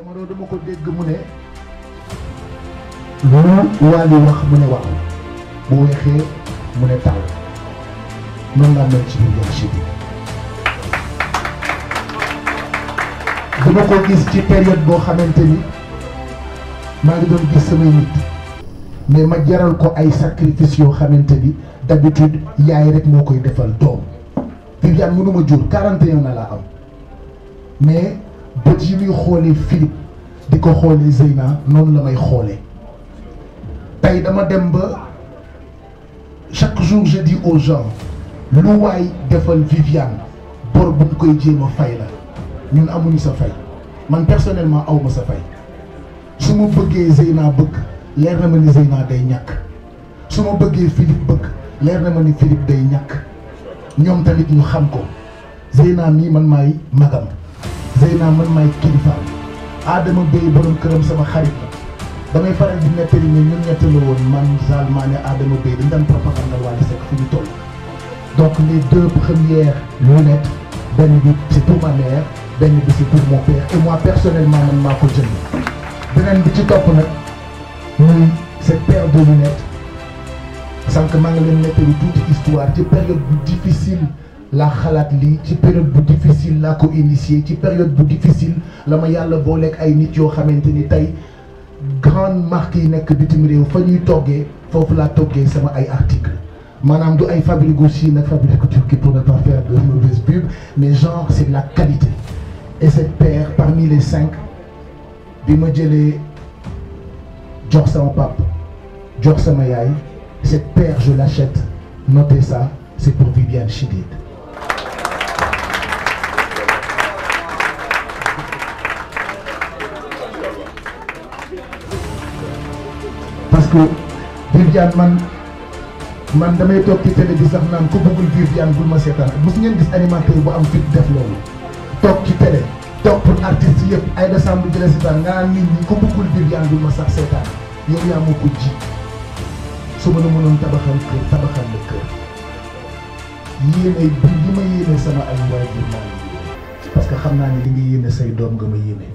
Omaro dama ko dégg mu ne lu Wally wax mu ne waaw bu weexee mu ne taal noonu laa mel ci biir bi dama ko gis ci période boo xamante ni maa ngi doon gis samay nit mais ma jaral ko ay sacrifice yoo xamante ni d'habitude yaay rek moo koy defal doom Viviane mënuma jur 41 na laa am mais bët yi muy xoolee Philippe di ko xoolee Zeyna noonu la may xoolee tey dama dem ba chaque jour je dis aux gens lu waay defal Viviane bor bu ñu koy jéem a fay la ñun amuñu sa fay man personnellement aw ma sa fay su ma bëggee Zeyna bëgg leer na ma ni Zeyna day ñàkk su ma bëggee Philippe bëgg leer na ma ni Philippe day ñàkk ñoom tamit ñu xam ko Zeyna mii man maay magam. Zeyna man maay kilifaam Adama Bey borom këram sama xarit la damay faral di nettali ni ñun ñett la woon man Zalman Adama Bey dañ daan propagande Wally Seck fi ñu toll. donc les deux premières lunettes benn bi c'est pour ma mère benn bi c'est pour mon père et moi personnellement man maa ko jënd beneen bi ci topp nag muy cette paire de lunettes sànq maa ngi leen nettali tuuti histoire ci période bu difficile. La xalaat li ci période bu difficile la ko initier ci période bu difficile la ma yàlla booleeg ay nit yo xamanteni tay grande marque yi nekk bitim rew fa ñuy toggee foofu la toggee sama ay article manam du ay fabrique gu nak fabrique Turquie pour ne pas faire de mauvaise pub mais genre c'est de la qualité et cette paire parmi les cinq bi ma jélé jox sama pap jox sama yaay cette paire je l'achète notez ça c'est pour Viviane Chidid que Viviane man man damay toog ci télé bi sax naan ku bëggul Viviane bul ma seetaan mos ngeen gis animateur bu am fit def loolu toog ci télé topp artistes yëpp ay décembre jëlee seetaan nga naan nit ñi ku bëggul Viviane bul ma sax seetaan yow yaa ma ko ji su ma la mënoon tabaxal kër tabaxal la kër yéene ma yéene sama ay waajur maa ngi parce que xam naa ni li nga yéene say doom nga ma yéene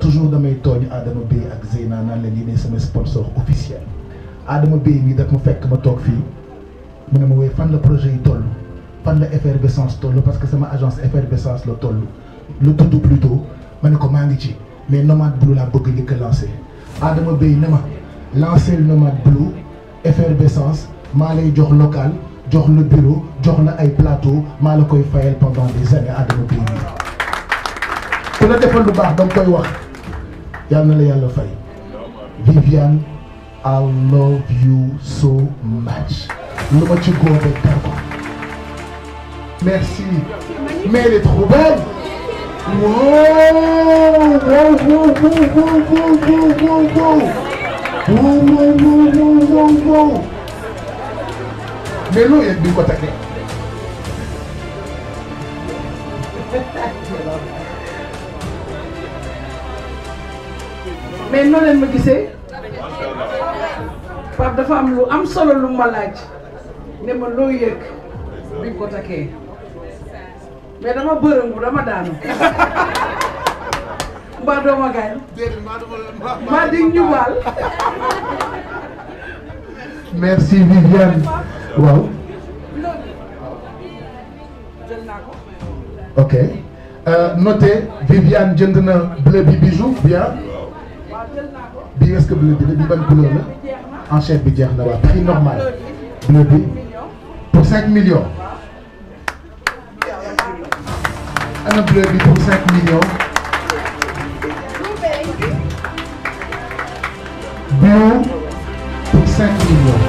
toujours damay tooñ Adama Bey ak Zeyna naan la yéene sama sponsor officiel. Adama Bey bi daf ma fekk ma toog fii mu ne ma woy fan la projet yi toll fan la effervescence toll parce que sama agence effervescence la toll lu tudd plutôt ma ne ko maa ngi ci mais Nomade Blue laa bëgg njëkk a lancé Adama Bey ne ma lancé Nomade Blue effervescence maa lay jox local jox le bureau jox la ay plateau maa la koy fayal pendant des années Adama Bey ku la defal lu baax danga koy wax yàlla na la yàlla fay Viviane I love you so much. Le match go avec Merci. Mais elle est trop belle. Wow, wow, wow, wow, wow, wow, wow, wow, wow, wow, wow, wow, wow. Mais l'eau est bien contactée. Mais non, elle me disait. Pape dafa am lu am solo lu ma laaj ne ma loo yëg bi ko takkee mais dama bërëngu dama daanu mbaa dooma gaañ di ñu merci Viviane waaw ok euh, noté Viviane jënd na bleu bi bijou bien Bien est-ce que vous bi dire bi ban couleur la bi prix normal bleu pour 5 millions. ana bleu bi pour 5 millions. bleu pour 5 millions.